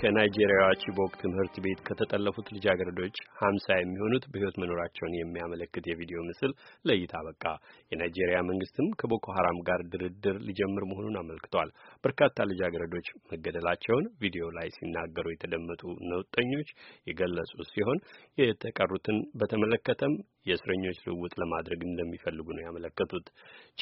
ከናይጄሪያዋ ቺቦክ ትምህርት ቤት ከተጠለፉት ልጃገረዶች ሀምሳ የሚሆኑት በሕይወት መኖራቸውን የሚያመለክት የቪዲዮ ምስል ለእይታ በቃ። የናይጄሪያ መንግስትም ከቦኮ ሀራም ጋር ድርድር ሊጀምር መሆኑን አመልክቷል። በርካታ ልጃገረዶች መገደላቸውን ቪዲዮ ላይ ሲናገሩ የተደመጡ ነውጠኞች የገለጹ ሲሆን የተቀሩትን በተመለከተም የእስረኞች ልውውጥ ለማድረግ እንደሚፈልጉ ነው ያመለከቱት።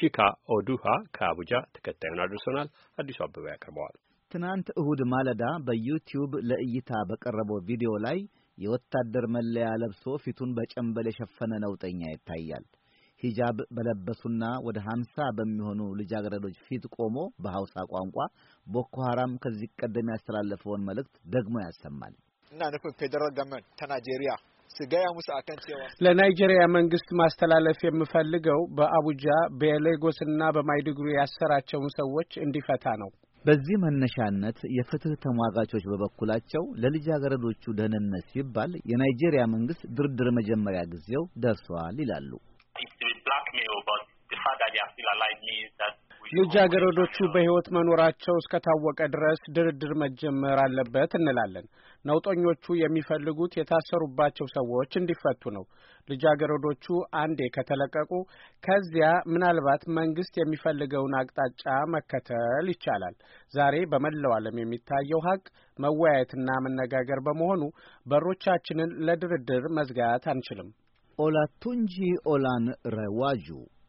ቺካ ኦዱሃ ከአቡጃ ተከታዩን አድርሶናል። አዲሱ አበባ ያቀርበዋል። ትናንት እሁድ ማለዳ በዩቲዩብ ለእይታ በቀረበው ቪዲዮ ላይ የወታደር መለያ ለብሶ ፊቱን በጨንበል የሸፈነ ነውጠኛ ይታያል። ሂጃብ በለበሱና ወደ ሀምሳ በሚሆኑ ልጃገረዶች ፊት ቆሞ በሐውሳ ቋንቋ ቦኮ ሐራም ከዚህ ቀደም ያስተላለፈውን መልእክት ደግሞ ያሰማል እና ፌደራል ተናጄሪያ su ለናይጄሪያ መንግስት ማስተላለፍ የምፈልገው በአቡጃ በሌጎስ እና በማይድግሩ ያሰራቸውን ሰዎች እንዲፈታ ነው። በዚህ መነሻነት የፍትህ ተሟጋቾች በበኩላቸው ለልጃገረዶቹ ደህንነት ሲባል የናይጄሪያ መንግስት ድርድር መጀመሪያ ጊዜው ደርሷል ይላሉ። ልጃገረዶቹ በሕይወት መኖራቸው እስከታወቀ ድረስ ድርድር መጀመር አለበት እንላለን። ነውጠኞቹ የሚፈልጉት የታሰሩባቸው ሰዎች እንዲፈቱ ነው። ልጃገረዶቹ አንዴ ከተለቀቁ ከዚያ ምናልባት መንግስት የሚፈልገውን አቅጣጫ መከተል ይቻላል። ዛሬ በመላው ዓለም የሚታየው ሀቅ መወያየትና መነጋገር በመሆኑ በሮቻችንን ለድርድር መዝጋት አንችልም። ኦላቱንጂ ኦላን ረዋዡ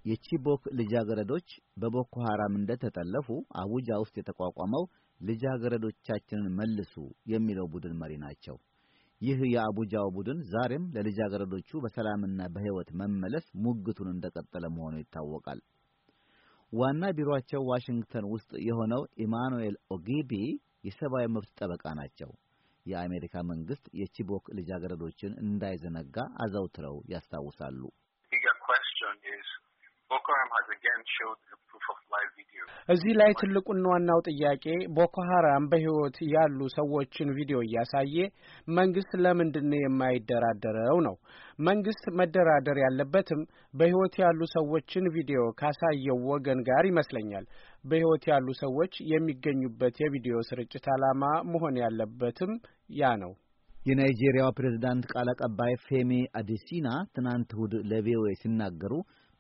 የቺቦክ ልጃገረዶች በቦኮ ሐራም እንደተጠለፉ አቡጃ ውስጥ የተቋቋመው ልጃገረዶቻችንን መልሱ የሚለው ቡድን መሪ ናቸው። ይህ የአቡጃው ቡድን ዛሬም ለልጃገረዶቹ በሰላምና በሕይወት መመለስ ሙግቱን እንደቀጠለ መሆኑ ይታወቃል። ዋና ቢሮአቸው ዋሽንግተን ውስጥ የሆነው ኢማኑኤል ኦጊቢ የሰብአዊ መብት ጠበቃ ናቸው። የአሜሪካ መንግሥት የቺቦክ ልጃገረዶችን እንዳይዘነጋ አዘውትረው ያስታውሳሉ። እዚህ ላይ ትልቁና ዋናው ጥያቄ ቦኮ ሀራም በሕይወት ያሉ ሰዎችን ቪዲዮ እያሳየ መንግስት ለምንድን የማይደራደረው ነው። መንግስት መደራደር ያለበትም በሕይወት ያሉ ሰዎችን ቪዲዮ ካሳየው ወገን ጋር ይመስለኛል። በሕይወት ያሉ ሰዎች የሚገኙበት የቪዲዮ ስርጭት ዓላማ መሆን ያለበትም ያ ነው። የናይጄሪያው ፕሬዝዳንት ቃል አቀባይ ፌሜ አዲሲና ትናንት እሁድ ለቪኦኤ ሲናገሩ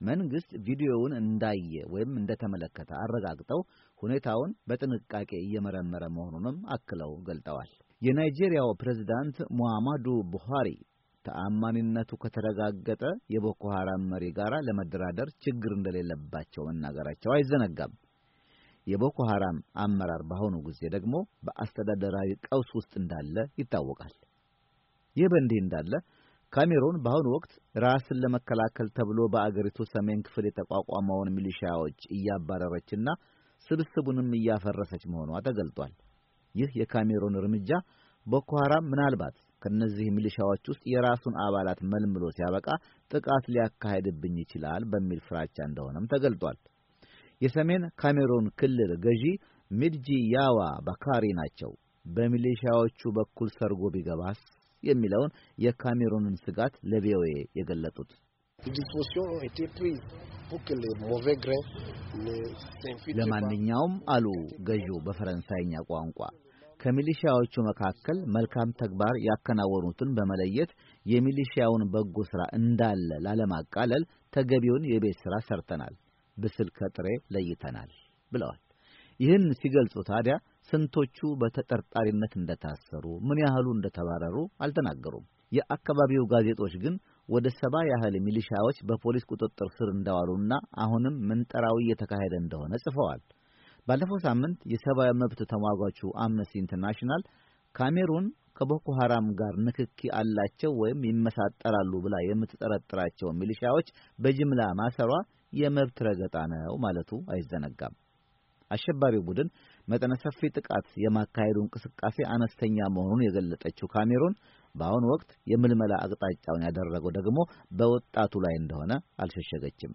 መንግስት ቪዲዮውን እንዳየ ወይም እንደተመለከተ አረጋግጠው ሁኔታውን በጥንቃቄ እየመረመረ መሆኑንም አክለው ገልጠዋል። የናይጄሪያው ፕሬዝዳንት ሙሐማዱ ቡሃሪ ተአማኒነቱ ከተረጋገጠ የቦኮ ሐራም መሪ ጋር ለመደራደር ችግር እንደሌለባቸው መናገራቸው አይዘነጋም። የቦኮ ሐራም አመራር በአሁኑ ጊዜ ደግሞ በአስተዳደራዊ ቀውስ ውስጥ እንዳለ ይታወቃል። ይህ በእንዲህ እንዳለ ካሜሩን በአሁኑ ወቅት ራስን ለመከላከል ተብሎ በአገሪቱ ሰሜን ክፍል የተቋቋመውን ሚሊሺያዎች እያባረረችና ስብስቡንም እያፈረሰች መሆኗ ተገልጧል። ይህ የካሜሩን እርምጃ ቦኮ ሐራም ምናልባት ከእነዚህ ሚሊሻዎች ውስጥ የራሱን አባላት መልምሎ ሲያበቃ ጥቃት ሊያካሄድብኝ ይችላል በሚል ፍራቻ እንደሆነም ተገልጧል። የሰሜን ካሜሩን ክልል ገዢ ሚድጂ ያዋ ባካሪ ናቸው። በሚሊሻዎቹ በኩል ሰርጎ ቢገባስ የሚለውን የካሜሩንን ስጋት ለቪኦኤ የገለጡት ለማንኛውም አሉ ገዢው በፈረንሳይኛ ቋንቋ ከሚሊሺያዎቹ መካከል መልካም ተግባር ያከናወኑትን በመለየት የሚሊሺያውን በጎ ሥራ እንዳለ ላለማቃለል ተገቢውን የቤት ሥራ ሰርተናል፣ ብስል ከጥሬ ለይተናል ብለዋል። ይህን ሲገልጹ ታዲያ ስንቶቹ በተጠርጣሪነት እንደታሰሩ፣ ምን ያህሉ እንደተባረሩ አልተናገሩም። የአካባቢው ጋዜጦች ግን ወደ ሰባ ያህል ሚሊሻዎች በፖሊስ ቁጥጥር ስር እንደዋሉና አሁንም ምንጠራዊ እየተካሄደ እንደሆነ ጽፈዋል። ባለፈው ሳምንት የሰብአዊ መብት ተሟጓቹ አምነስቲ ኢንተርናሽናል ካሜሩን ከቦኮ ሐራም ጋር ንክኪ አላቸው ወይም ይመሳጠራሉ ብላ የምትጠረጥራቸው ሚሊሻዎች በጅምላ ማሰሯ የመብት ረገጣ ነው ማለቱ አይዘነጋም። አሸባሪው ቡድን መጠነ ሰፊ ጥቃት የማካሄዱ እንቅስቃሴ አነስተኛ መሆኑን የገለጠችው ካሜሩን በአሁኑ ወቅት የምልመላ አቅጣጫውን ያደረገው ደግሞ በወጣቱ ላይ እንደሆነ አልሸሸገችም።